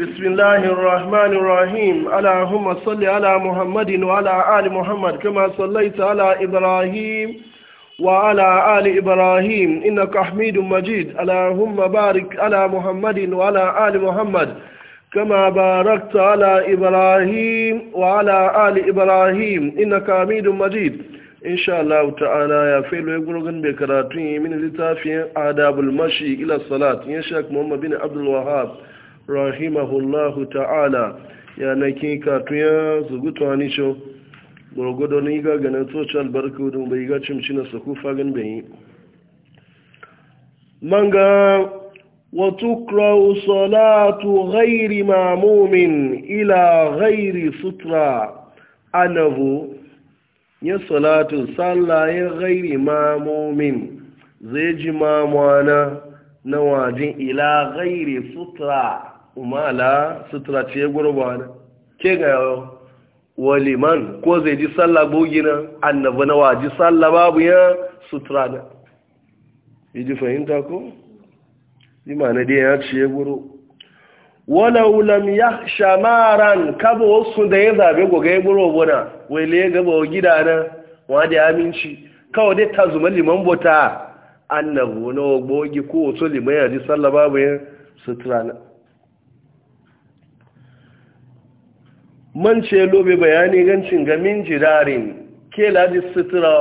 بسم الله الرحمن الرحيم اللهم صل على محمد وعلى آل محمد كما صليت على إبراهيم وعلى آل إبراهيم إنك حميد مجيد اللهم بارك على محمد وعلى آل محمد كما باركت على إبراهيم وعلى آل إبراهيم إنك حميد مجيد إن شاء الله تعالى يا فيلو يقولون بكراتين من لتافين آداب المشي إلى الصلاة يا شيخ محمد بن عبد الوهاب rahimahullahu ta'ala ya na kin katuya zugu tuwanisho gwargwado ni ga ganin tsoci albarka wudu bai ga cimci na su kufa gan bai yi man ga wato salatu ghairi mamomin ila ghairi sutura anabu ya salatu tsallaye ghairi mamomin zai ji mamuwa na wajen ila ghairi sutura ala sutura ce gurba na ke ga waliman ko zai ji sallah bogi na annabi na waji sallah babu ya sutura na yi fahimta ko yi mana dai ya ce guro walau lam yakhsha maran kaba wasu da ya zabe goga ya guro bona wai gaba wa gida na wa ya aminci kawai dai ta zuma liman bota annabi na bogi ko wasu liman ya ji sallah babu ya sutura na man ce lobe bayani gancin ga min jirarin ke laji sutura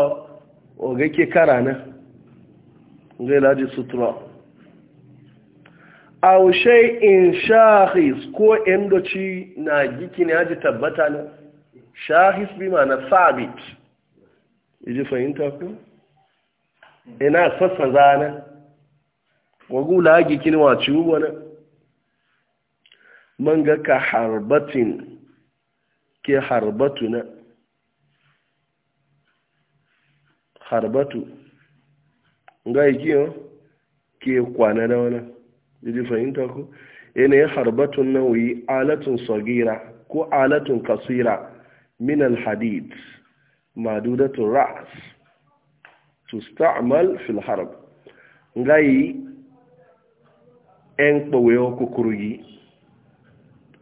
o ga ke kara na ga laji sutura a wushe in shahis ko endoci na giki ne haji tabbata na shahis bi ma na sabit iji fahimta ku ina sassa zana wagula giki ne wa ciwo wani Manga ka harbatin ke harbatu na harbatu iki yo ke kwana na wani didi fahimta ku yanayin harbatun nan wuyi alatun sagira ko alatun kasira min alhadid madudatun ra'as sta'amal fil harb nga yi 'yan kpawayo yi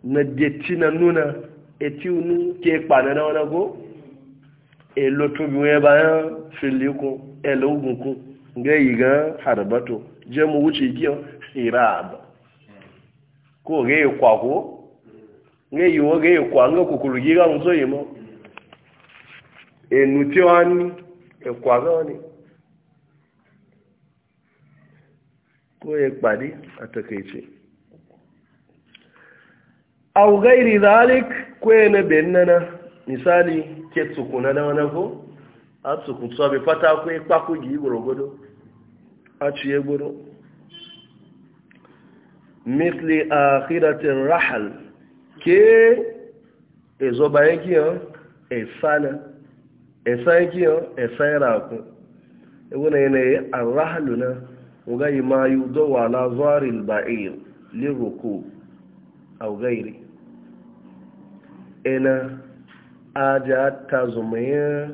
na deci na nuna eti unu ke kpana na wani ko elo tobi wani bayan fili ko elo ugun ko ga yi gan harbato je mu wuce giyo hirab ko ga yi kwa ko ga yi nga wani e au gairi zalik kwene bennana misali ke tsukuna na wani ko a tsukuntuwa bai fata akwai kwakogi gwargwado a ciye gudu mitli a hiratin rahal ke ezo bayan kiyan esana esan kiyan esan rakun ebuna yanayi a rahalu na ma yi dowa na zuwarin ba'ir liruku au gairi Ena aja ta zumaya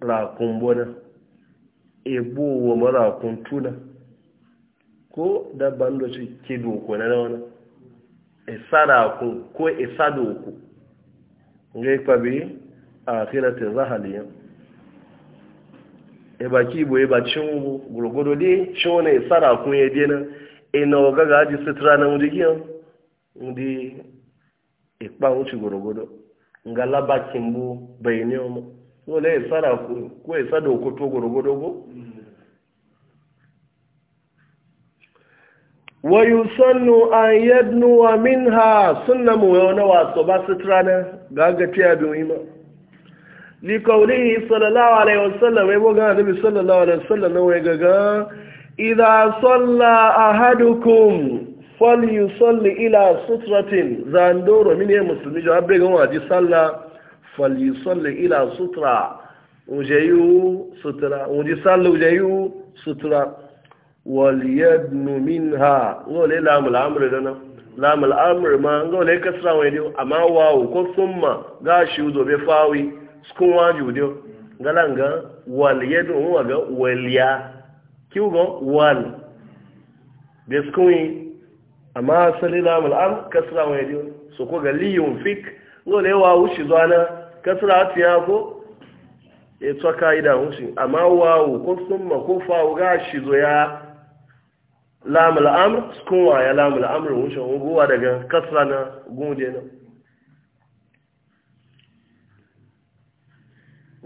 rakun bona ebo wa marakun tuna ko dabban da su ke doku na wani isa rakun ko isa doko ngai kwabe a akiratin zahaliyan e baki bo e bacin gurgudu dai shi wani isa rakun ya dena ina waga ga aji sutura na wujigiyan ìpá oṣù gwargwado nga labakin bu bai ní mu so ya sada ku ko òkú tó ku to wọ́n yóò wa yusannu an yadnu wa minha sunna mu wasu ba su ga gafiya bi wima li qawlihi sallallahu alaihi wasallam wai gan nabi sallallahu alaihi wasallam wai ga ga idza salla ahadukum falyusalli ila sutratin zandoro mini ya musulmi jawa bai gan waji salla falyusalli ila sutra ujeyu sutra uji salla ujeyu sutra waliyadnu minha ngole lamul amr dana lamul amr ma ngole kasra wa dio amma wawu ko summa gashi uzo be fawi skun waju dio galanga waliyadnu wa ga waliya kiwo wal be amma asali na mul'am kasra wa yadi so ko ga liyun fik no le wa wushi zana kasra ti ya ko e to kaida wushi amma wa wu ko summa ko fa ga shi zo ya lam al'amr ko wa ya lam al'amr wushi guwa daga kasra na gunde na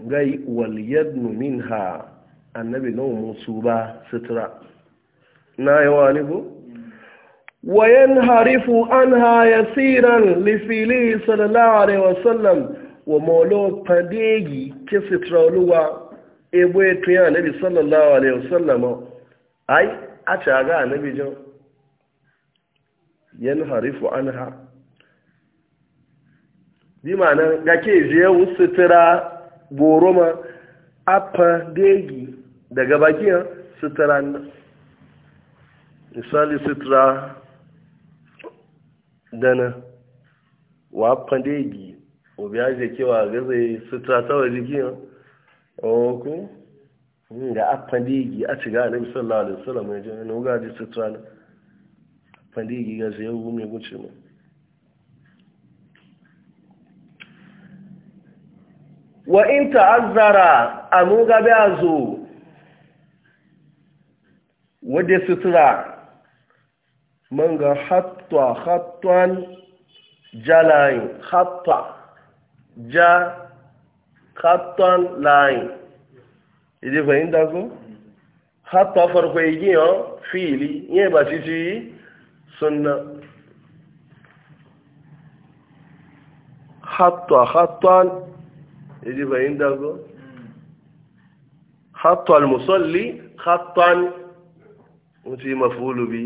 gai wal yadnu minha annabi no musuba sitra na yawani ni ko وينهرف عنها يسيرا لفيله صلى الله عليه وسلم ومولو قديجي كسترولوا eboyetu ya nabi sallallahu alaihi wasallam ai a caga nabi jan yan harifu anha bi na ga ke je sutura boroma apa degi daga bakin sutura sutura dana wa fande gi obi aje kewa gaza sutura tawa jikin oku ga afande gi a ciga ne sallallahu alaihi wasallam ya jin no ga ji sutura na fande ga sai yau mai guce mu wa in ta'azzara amu ga bi azu wadda sutura man ga hatta hattan jalayin hatta ja hattan layin idi fahimta ko hatta farko igiyan fiili yin ba ci ci sunna hatta hattan idi fahimta ko hatta al-musalli bi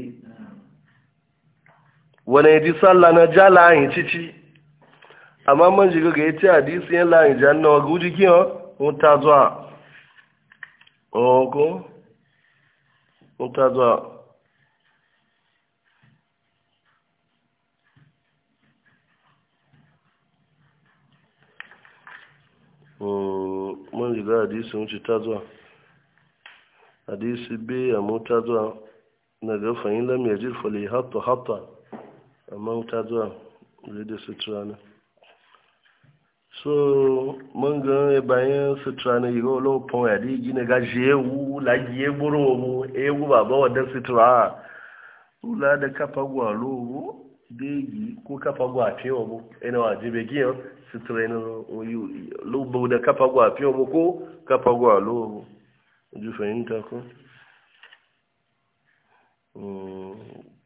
wane ji sallah na ja layin cici amma man shiga ga yace hadisi yan wa guji kiyo ta zuwa ta zuwa hadisi mun ci ta zuwa hadisi bai amma ta zuwa na ga jirfa le hatta hatta amma wuta zuwa zai da sutura na so mun ga bayan sutura na yi gawa lokacin waya da gina gashi ewu lagi ya buru mu ewu ba ba wadda sutura ula da kafa gwalo mu da yi ko kafa gwafe wa mu ina e waje bai gina sutura na oyi lubu da kafa gwafe wa mu ko kafa gwalo mu ji fahimta ko hmm.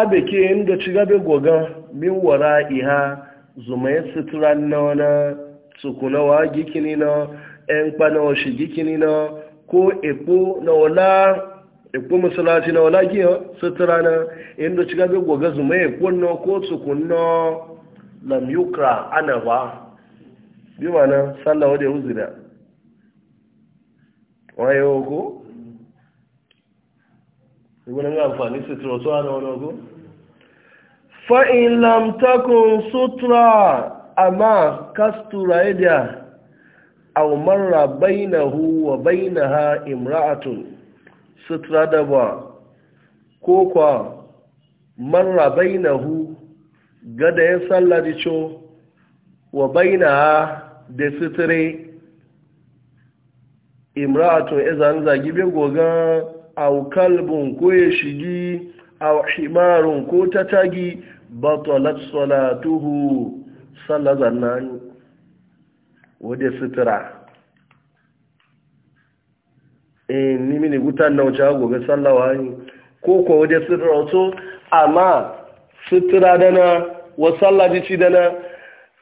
abeke inda ci gabe goga min wara iha zuma ya sutura na wana tsukuna wa gikini na ‘yan kpana wa shi gikini na ko epo na wala epo masalaci na wala giya sutura na inda ci gabe goga zuma ya kwanna ko tsukuna na yukra ana ba bi mana sallawa da ya wuzina wayo ko ìgbóná ní àǹfààní sí sùtúrà tó wà náà lọ́gọ́. fa'in lamtakun sutura amma kastura idia aw marra hu wa ha imra'atun sutura da ba ko kwa marra hu gada ya sallah da wa bainaha da suture imra'atun izan zagi bin gogan aw kalbun ko ya shigi aw himarun ko ta tagi batalat salatuhu sallar zannani wadda sutura in eh, nimi ne gutan na wuce gobe sallawa ne ko kuwa wadda sutura wato amma sutura dana wa sallajici dana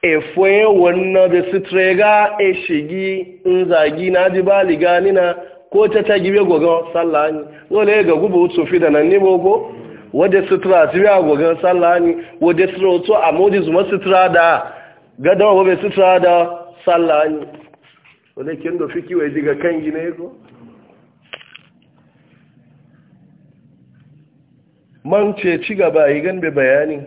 efoye wannan da sutura ga e shigi in zagi na ji ba na. ko ta ta gibe gogon sallah ni wala ga gubu to fi da nan ni bogo wadda sutura su biya gogon sallah ni wadda sutura to a modi zuma sutura da gadawa wabe sutura da sallah ni wala kin do fiki wai diga kan gine go man ce ci gaba yi gan be bayani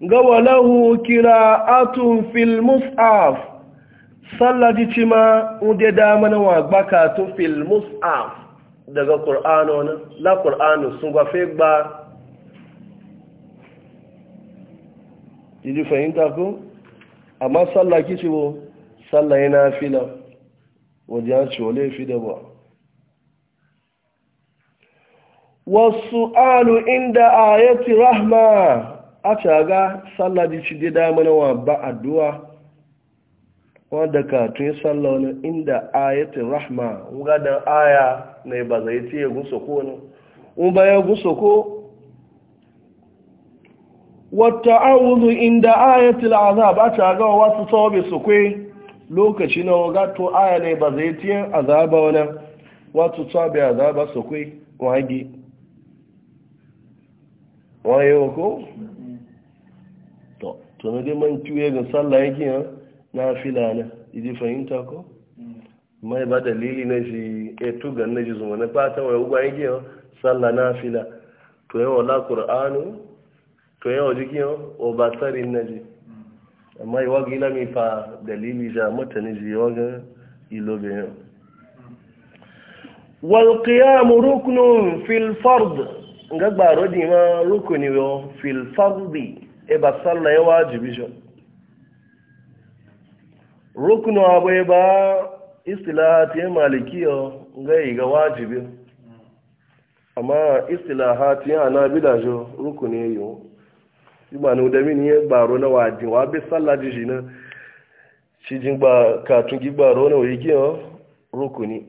ga walahu Atun fil mus'af sallah ji ci ma ude dama wa gbaka tun fil mus'af daga qur'ano na la qur'ano sun gafe fe gba ji fahimta ko amma sallah ki ci bo sallah na fila wajen ya ci wale fi da ba wasu alu inda ayati rahma a caga sallah ji ci dama na wa ba addu'a wadda ka tun sallah wani inda ayatun rahma gadan aya na ba zai tiye gusa ko ne in baya gusa ko wata awuzu inda ayatun azab a ta ga wasu tsawabe su kwe lokaci na wagato aya ne ba zai tiye azaba wani wasu tsawabe azaba su kwe wagi waye wako? to tunadin man kiwe ga sallah yake yana na fila na iji fahimta ko mai ba dalili na shi etu gan na ji zuma na fata wa ugwa yake yau salla na fila to yau la qur'anu to yawa jiki yau o ba tsari na ji amma yi wagi la mi fa dalili ja mutane ji waga ilobe yau wal qiyamu ruknun fil fard ngagba di ma rukuni fil fardi e ba salla wajibi jo rukunu abai ba istilahati malikiya gai ga wajibi amma istilahati ana bidajo rukuni yo ibanu da mini ya gbaro na waji na shi na oyi rukuni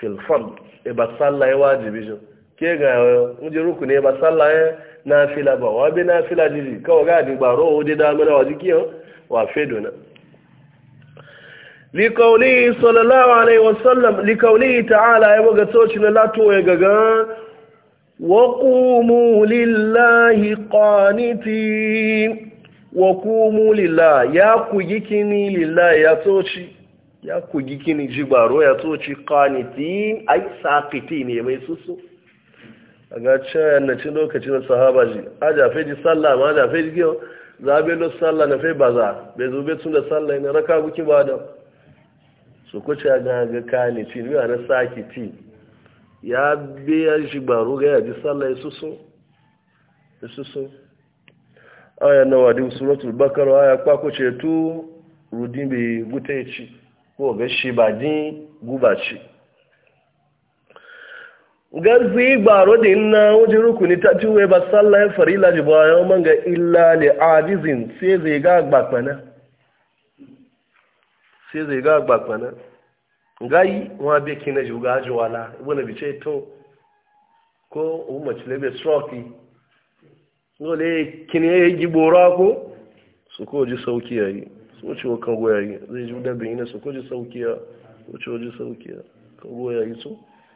filfam e ba sallah ya wajibi jo ke ga nje ya na fila ba wa bi na fila jiji kawo ga wa fedona likauli sallallahu alaihi wasallam likauli ta'ala ya buga tsoci na lato ya gaga wa qumu lillahi qaniti, wa qumu lillahi ya kujikini lillahi ya tsoci ya kujikini jibaro ya tsoci qaniti ai saqiti ne mai susu a ga cin lokacin sahaba ji a jafe ji sallama ma jafe ji Za zaɓe lo sallah na fai baza bai zo bai da sallah na raka guki ba da su kuce ga ga kani ci biya na saki ci ya biya shi baro ga yaji sallah ya susu ya susu aya na wadi suratul bakar aya kwa ko tu rudin bai gutai ci ko ga shi ba din guba ci gazi gbaro da nna wajen rukuni ta ciwe ba sallah e farila ji ba yau man ga illa li ajizin sai zai ga gbakpana sai zai ga gbakpana gayi wa be kina ji ga wala bi ce to ko ci lebe ya yi bora ko su ko ji sauki yayi su ci kan zai ji su ko ji sauki ya su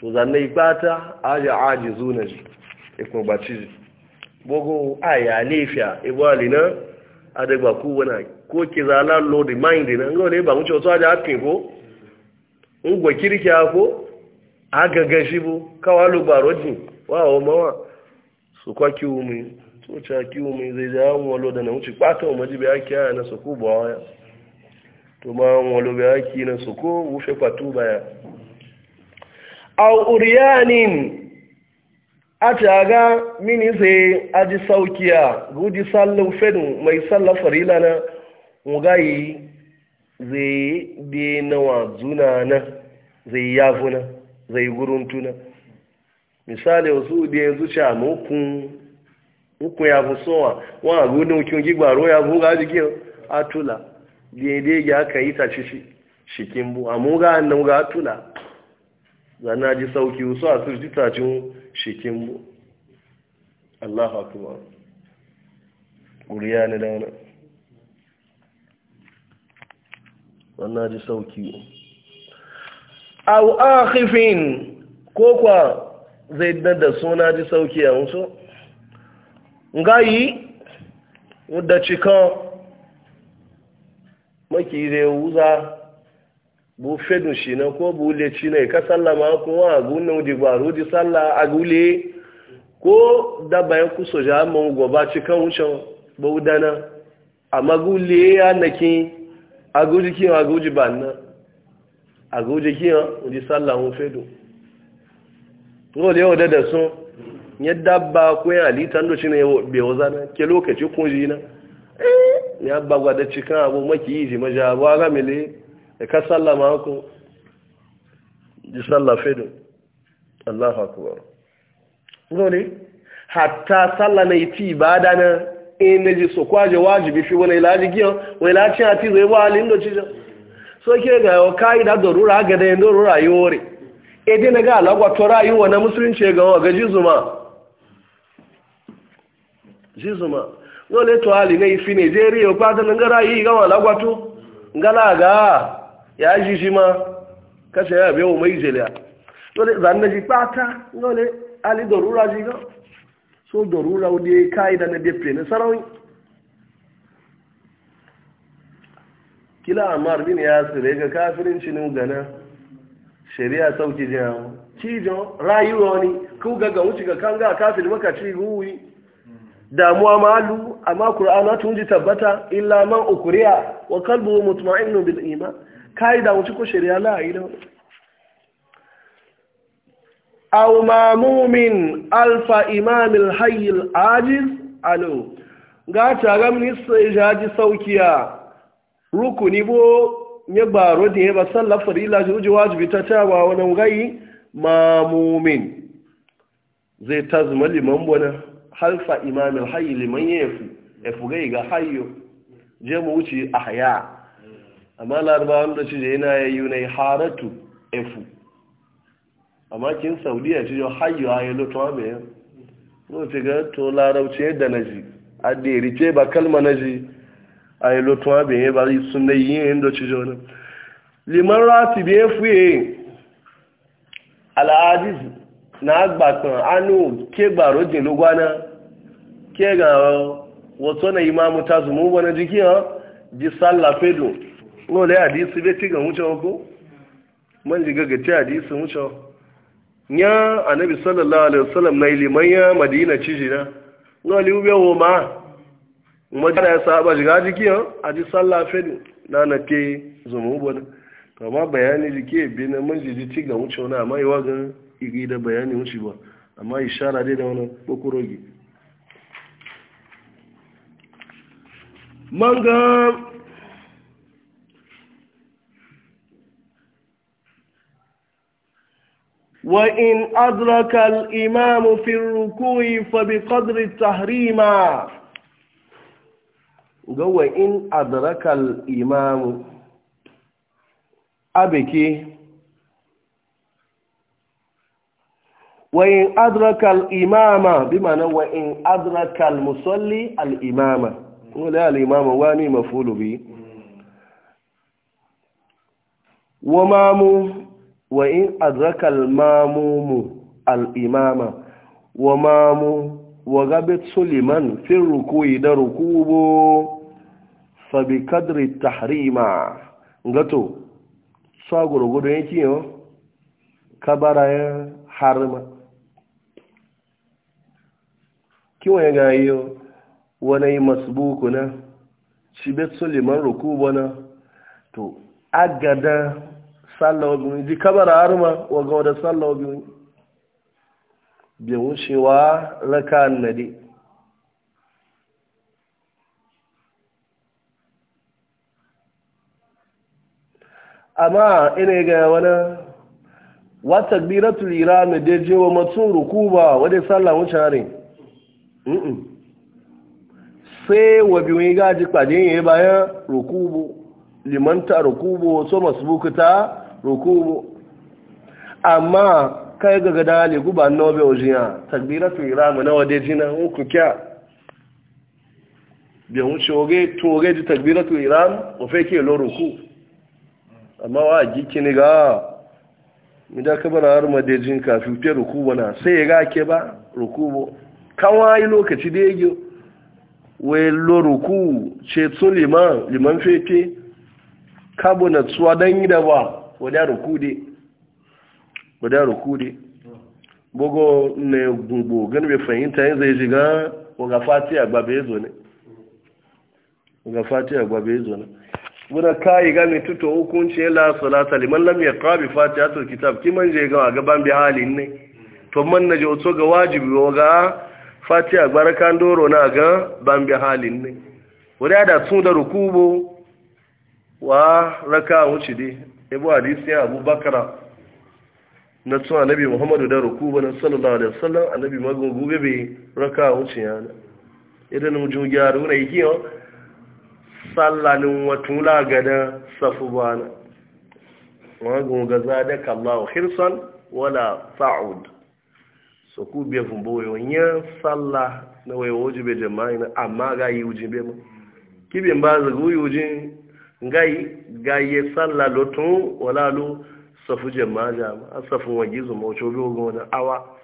to zanne bata aja ajizu na ji ikun baci bogo aya lefia ibo na adegba ku wana ko ki zala lo the mind na ngo le ba mu choto aja akin ko ngwe kiriki ako agaga shibu kawa lu barojin wa o ma wa su kwa ki umi to cha ki umi zai ja mu lo da na mu ci pata o maji be na su ku bo ya to ma mu lo be aki na su ko wufe kwatu ba ya au uriyanin a caga mini zai aji saukiya gudi sallin fedin mai sallar farila na ngayi zai biye na zuna na zai yafuna zai guruntuna misali wasu da zuciya ca mukun uku ya fi sowa wọn agudun kí o ya fi ga jikin atula daidai ga aka yi ta shi shikin bu amma ga annan ga atula zana ji sauki su a sirji tacin shekin bu Allah hakuwa ƙuriya ne da wani wannan ji sauki au akhifin ko kwa zai dada suna ji sauki a wasu ngayi wadda cikin maki zai wuza bu fedun shi na ko bu le ci na ka sallama ko wa gunu di gbaru di salla agule ko da bayan ku mo go ba ci kan wucin bu dana amma gule ya naki aguji ki aguji banna aguji ki di salla mu fedu ko le o da sun yadda ba ko ya li tando ci ne be zana ke lokaci kun ji na eh ya bagwa da cikan abu maki yi maja ba ga mele ka sallama ku ji sallafe da Allahu akbar gole hatta sallana iti ibada na in naji so kwaje wajibi fi wani ilaji giyo wani ilaci a ti zai ba halin da cijo so ke ga yau kayi da dorura ga da yin dorura yi wore ede na ga alagwato rayuwa na musulunci ga wa ga jizuma jizuma gole to ali na ifi nigeria kwata na ga rayu ga wa alagwato ngala ga ya ji shi ma kasa ya bewa mai jeliya dole zanna ji pata dole ali dorura ji ga so dorura wudi kai da na defe ne sarawi kila amar ya yasir ga kafirin cinin gana shari'a sauki jawo cijo rayuwa ne ku ga ga wuce ga kan ga kafir maka ci guwi damuwa malu amma qur'ana tun ji tabbata illa man ukriya wa kalbu mutma'innu bil iman kaida wuce ko shari'a la aida aw mumin alfa imamil alhayy alajiz alo ga ta ga min sai jaji saukiya rukuni bo ne ba rodi ba sallar farila ji wajibi ta tawa wannan gai mamumin zai tazma liman bona halfa imamil alhayy liman ya fi ga hayyo je mu wuce ahya amma larabawan da cije yana ya yi na haratu efu amma kin saudiya cije hayo hayo lotun abiyan no ce ga to larabci yadda na ji a derice ba kalma na ji a yi lotun abiyan ba sun da yi yin da cije wani liman rati biye yi al'adiz na agbakan anu ke gbaro jin lugwana ke ga wato na imamu ta zumu wani jiki ha ji sallafe don lọ́lẹ́ àdísí bẹ́ẹ̀ tí gan múcọ ọgbó man ji gagace àdísí múcọ yá anabi sallallahu alaihi wasallam na iliman ya madina cijina lọ́lẹ́ wúbẹ́ wọ ma mọ́já da ya saba shiga a ba yan a ji sallah fedu na na ke zama ubana kama bayani jiki ebe na man di ci ga wuce na amma yawa gan igi da bayani wuce ba amma ishara dai da wani kokorogi man وإن أدرك الإمام في الركوع فبقدر التحريم قوة إن أدرك الإمام أبكي وإن أدرك الإمامة بمعنى وإن أدرك المصلي الإمام ولا الإمام واني مفعول به ومامو wa in adraka al-mamumu al-imama wa mamu wa gabit suliman fi rukuyi da rukubo fa bi kadri tahrima ngato sa gurgudu yake yo kabara ya harma kiwa ya gayo wani masbuku na shi bet suliman rukubo na to agada sallah obìnrin di kábàrà arúmọ wa ọdẹ sallah obìnrin bí bi wucewa raka rẹka amma ina ga wani wata gbiratul irami da je wa ruku rukuba wadda sallah wuce ne sai wa biyu gaji kwadin ya bayan rukubu limanta rukubu so masu bukuta rukubu amma kai ga gada hali guba nobe ojiya takbira su iramu na wade jina uku kya bi hun shoge toge ji takbira su iramu ofe ke lo ruku amma wa jiki ne ga mi da ka bara har madejin kafin fiye ruku na sai ya ga ke ba rukubu kan wayi lokaci da yage wai lo ruku ce tun liman liman fefe kabo na tsuwa don yi da ba wadda rukude wadda rukude bugo ne gungbo gani bai fahimta yin zai shiga waga fati agbabe bai zo ne waga fati agbabe ya zo ne wuna kayi gami tuto hukunci ya lasalata liman lam ya kabi fati atul kitab kiman je gama gaban bi halin ne to man na je oto ga wajibi waga fati agbarakan doro na ga ban bi halin ne wadda da tun da rukubo wa raka wuce dai ibu hadisi ya abu bakara na tun annabi muhammadu da ruku wani sallallahu alaihi wasallam annabi magungu bebe raka wuce yana idan mujin gyaru na yake yau sallanin watan lagada safu bana magungu ga zadaka kallawa hirsan wala Sa'ud so ku biya fumbo yonye salla na wayo wajibe bai na amma ga yi bai ma. kibin ba zagu yi wujin ngai ga salla lotun wala safu jama'a a safu wagi zuma wace obi ogun wani awa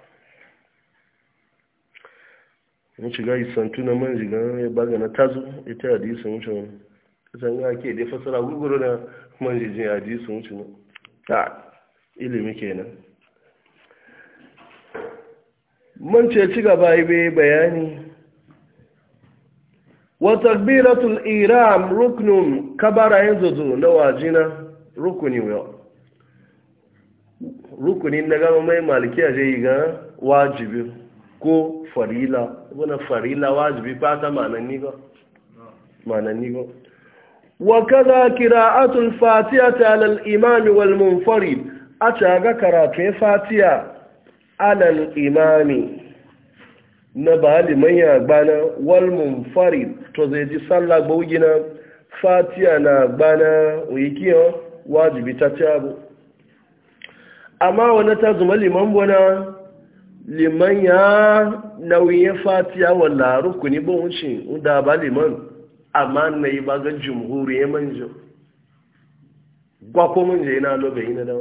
in shiga isantu na man shiga ya baga na tazo ita hadisin wuce wani ita ga ke dai fasara gurguru na man jijin hadisin wuce wani ta ilimi kenan man ce ci gaba bayani watakbiratul iram ruknun kabara yin zuzu na wajina rukuni yau rukunin na gama mai maliki a zai ga wajibi ko farila wani farila wajibi fata mananni ba mananni ba wa kaza kira'atul fatiha talal imami wal munfarid a caga karatun Fatiya alal imami na ba manya ya gbana walmun fari to zai ji sallah gbaugina fatiya na gbana wikiyan wajibi ta ci abu amma wani ta zuma liman buna liman ya nauyin fatiya wala rukuni ba wuce da ba liman amma na yi baga ya manjo gwakwamin je yana lobe yi na da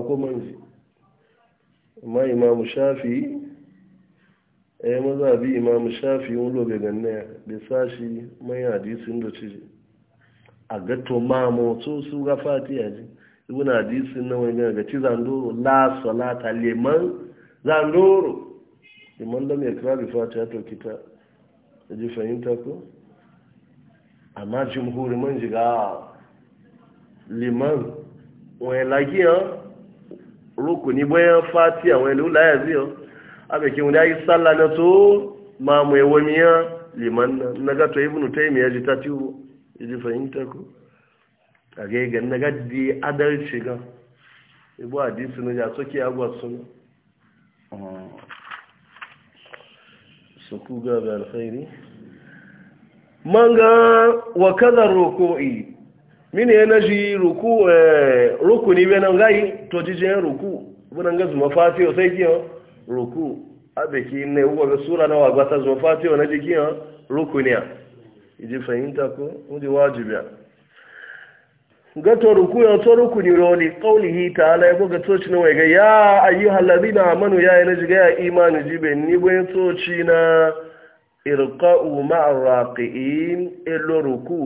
wani je amma imamu shafi eh, yi maza bi imamu shafi wani lobe ganna ya bai sashi mai hadisin da ce a gato mamu so su ga a ji na hadisin na wani gana ga ci zandoro la salata liman zandoro liman da mai kira bi fatiya to kita da ji fahimta ko amma jimhuri man jiga liman wani lagiya rukuni bayan fatiha wani lula ya ziyo abekin wani ayi sallah na to ma mu yawo miya liman na na tó ta tiwo ji fahimta ko a ga ga di adarí adalci gan hadisi na ya soke agwa suna sọkú ku yìí manga wa kaza i. mini yana shi ruku rukuni bai nan gai to jijiyar ruku bunan ga zuma fatiyo sai kiyo ruku abeki ne uwa ga sura na wagwata zuma fatiyo na jikin eh? rukuniya iji fahimta ko wani wajibiya gato ruku ya to rukuni roli kaulihi ta'ala ya buga toci na wai ga ya ayyuhal ladina amanu ya yana jiga ya imani jibe ni bai toci na irka'u ma'ar raqi'in illo e ruku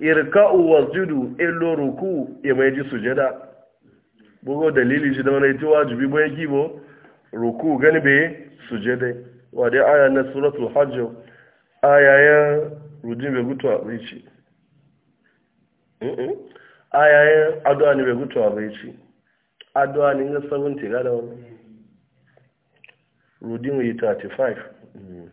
irka'u wasjudu illo e ruku e ya ji sujada bugo dalili shi da wani ita wajibi bai gibo ruku gani bai sujada wadai aya na suratul hajj aya ya rujin bai gutu a bai ci aya ya addu'a ne bai gutu a bai ci addu'a ne ga 70 ga da wani rudin 35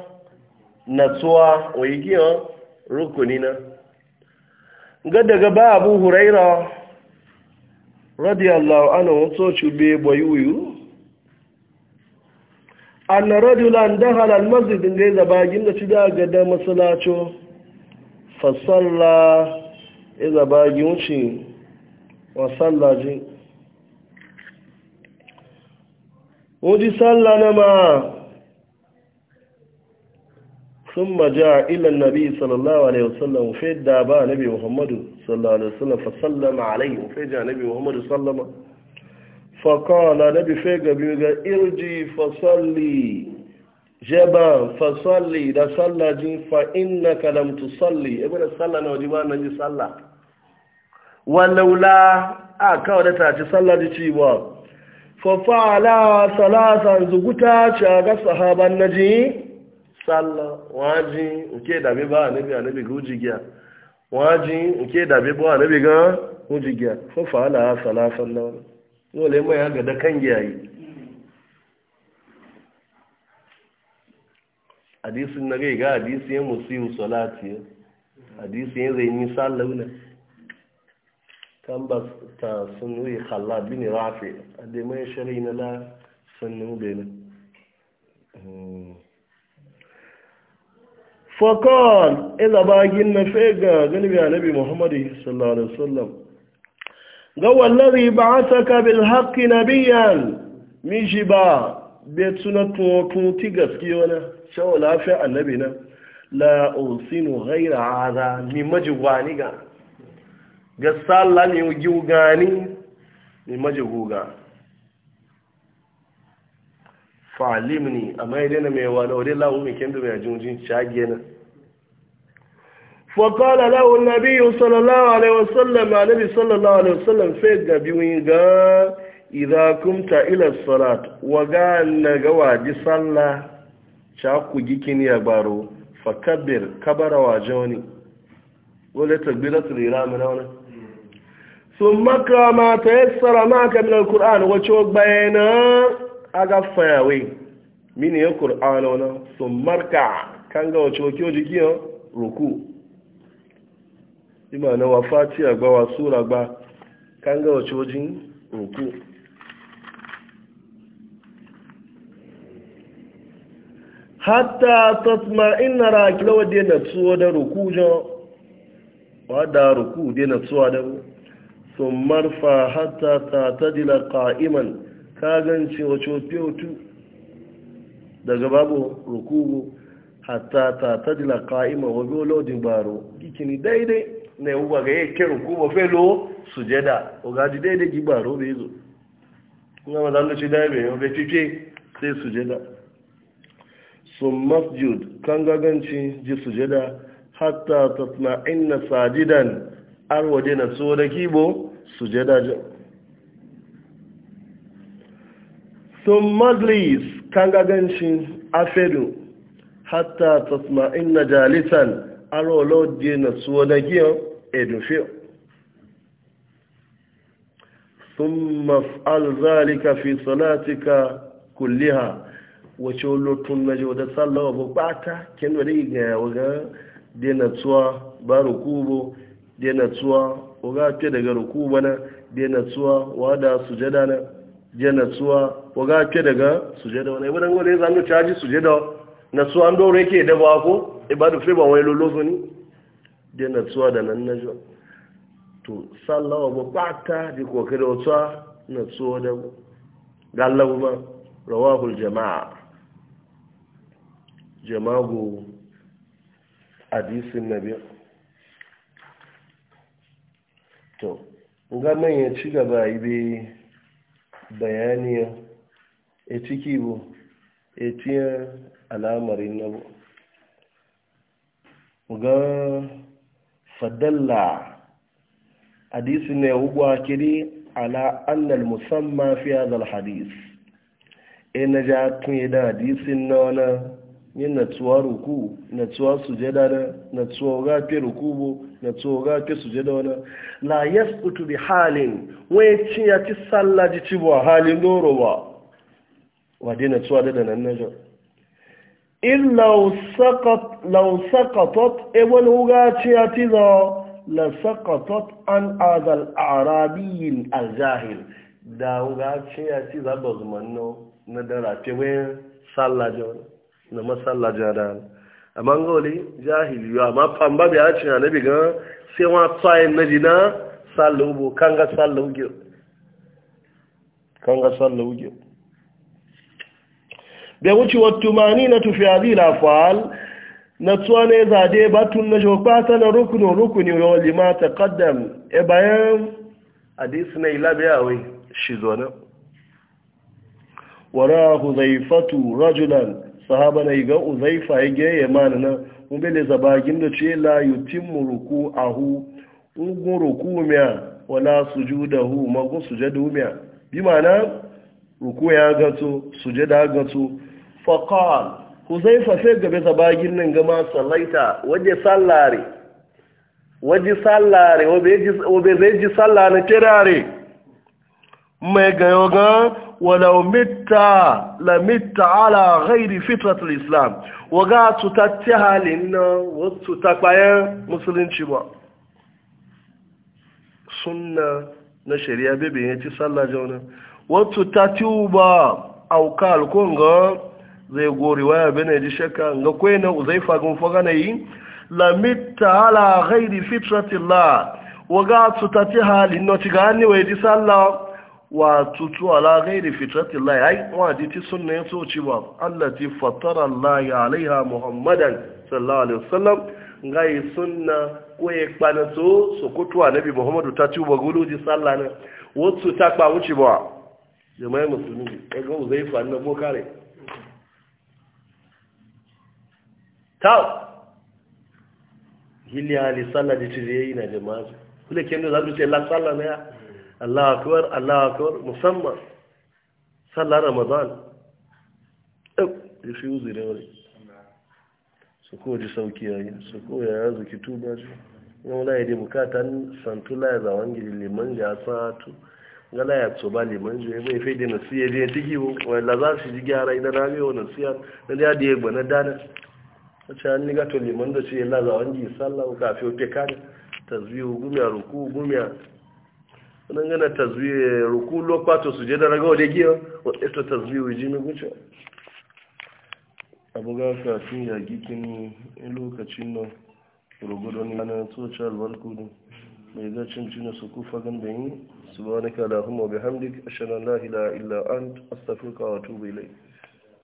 natsuwa waigiyan rukuni na ga daga ba abu huraira radiyallahu anhu wato cube boyuyu anna rajulan dakhala almasjid inda zaba ginda ci daga da masallaco fa salla idza ba wuce wa sallaji wodi salla na ma ثم جاء إلى النبي صلى الله عليه وسلم في الدابة نبي محمد صلى الله عليه وسلم فسلم عليه فجاء نبي محمد صلى الله فقال نبي فيك بيقى ارجي فصلي جبا فصلي دا صلى جن فإنك لم تصلي ابن صلى نوجبان نجي صلى ولولا أكاو دتاتي صلى دي ففعل ففعلا ثلاثا زغتا شاغ صحابا نجي sallah waji nke dabe ba anabi anabi ga ujigiya waji nke dabe ba anabi ga ujigiya fa fa ala salafan lawan dole mai ga da kan yayi hadisi na gai ga hadisi ya musiyu salati hadisi ya zai ni sallah ne kan ba ta sunu yi khalla bin rafi adai mai shari'a na la sunu bene hmm. fakon ilabagin na fega galibi annabi muhammadu sallallahu alaihi wasallam ga wallazi ba'ataka bil haqqi nabiyyan miji ba be tunatu kunti gaskiya wala shawo lafiya annabi na la usinu ghayra hadha mi majwani ga ga sallan yu ni mi majwuga a amma idan mai wani wadai lawo mai kendo mai ajunji shage na fakala lawo nabi sallallahu alaihi wasallam nabi sallallahu alaihi wasallam sai ga biyun ga idakunta ilar ila salat wa ga na ga waji salla sha ku gikin ya baro fakabir kabara wa jawani wala takbiratul ihram na wala thumma kama tayassara maka min wacce wa bayanan aga fayawe mini ya ƙur'ana wani sun marka kan ga wace wakil jikiyar roku ima na wafati agba wa sura gba kan ga wace wajen roku hatta tasma ina rakilawa da yana tsuwa da roku jan wadda roku da yana tsuwa da sun marfa hatta ta tadila ka'iman kaganci cote otu daga babu rukumu hatta ta tajila ka'ima wa biyo lodin baro gikini daidai na yawuwa ga ke rukubu felo sujeda ogaji daidai gibaro bai zo kuma ma zan da ci daidai yau bai fife sai sujeda su masjid kan gaganci ji sujeda hatta ta tsina inna sajidan arwaje na so da kibo sujeda jan sun majlis kan a afedu hatta tasma'in na jalisan arolodiyar na suwanagiyar edufe sun maf'al zalika fi salatika kulliha wace lotun na jiwa da tsallawa bukata kin wadda igaya waga dina tsuwa ba rukubo dina tsuwa waga fiye daga rukubo na dina wada sujada na je natsuwa ga ke daga sujeda wani ibadan gole zan ga caji sujeda natsuwa an dore yake da ba ko ibadu fe ba wai lolozo ni je natsuwa da nan najo to sallawa ba bata di kokare wata natsuwa da gallabu ba rawahul jamaa jama'u hadisin nabi to ga ya ci gaba ibe bayaniya a ciki bu a tiya alamari na bu ga fadalla hadisi ne ugwa akiri ala annal musamman fiye da hadisi ina e na ja tun yi da hadisi na wani yin natsuwa ruku natsuwa sujada na natsuwa gafe rukubu natsuwa gafe da wani la yasqutu bi halin wai cin ya ci salla ji ci buwa halin doro ba wa dai natsuwa da da nan najo in lausakatot saqat law e huga ci ya ti za la an azal arabiy aljahil. da huga ci ya ci za ba zumanno na dara ce wai sallah jawani na masalla jada amma ga wale jahili yo amma famba bi a cin annabi ga sai wa tsaye na jina sallu bo kan ga sallu ge kan sallu ge da wuce wa tumani na tufi hadhihi al-afal na tsuwane zade batun na ta na rukunu rukuni wa lima taqaddam e bayan hadisi na ilabe awai shi zo na وراه ضيفة رجلا sahaba na ga uzaifa ya ge mana na umbele zabagin da ce la yutimmu ruku'ahu ugun miya wala sujudahu magun sujadu miya bi mana ruku ya gato sujada gato faqal huzaifa sai gabe zabagin nan gama sallaita waje sallare waje sallare wabe zai ji sallare kirare ولو مت لمت على غير فطرة الإسلام وقا تتتها لنا وتتقايا مسلم شبا سنة نشريا ببيه تسالة جونا وتتتوبا أو قال كونغا زي قوري ويا بني جشكا نقوينا وزي فاقم فغاني لمت على غير فطرة الله وقا تتتها لنا تقاني ويدي سالة wa tutu ala ghairi fitrati Allah ai wa di ti sunna yaso ci allati fatara Allah alaiha Muhammadan sallallahu alaihi wasallam ngai sunna ko e kpana so so kutu annabi Muhammadu ta ci ba guluji sallah ne wasu ta kpa wuci ba jama'a musulmi e go zai fa na kare ta hili ali sallah di ci yayi na jama'a kule kendo zabi du la sallah ne ya Allah akwar Allah akwar musamman sallar Ramadan shi uzure wani su ko ji sauki yayi su ko ya yanzu ki tuba ji yau la yadi bukatan santula ya zawan gidi liman ja satu gala ya tsoba liman je bai fai da nasiya da tigi wo la za su ji gara idan na biyo nasiya na da da yegba na dana wacce an liga to liman da ce la zawan gidi sallah ka fi ta kada tasbihu gumiya ruku gumiya nan gana tasbiye ruku lokpato su je da raga da giya wadda ta tasbiye wuji mai guce abu ga kafin ya gikin lokacin nan rugudun yana tsoci albarku ne mai zacin cina su kufa yi su ba wani kada kuma hamdik ashirin lahila illa an astafirka wa tubu ilai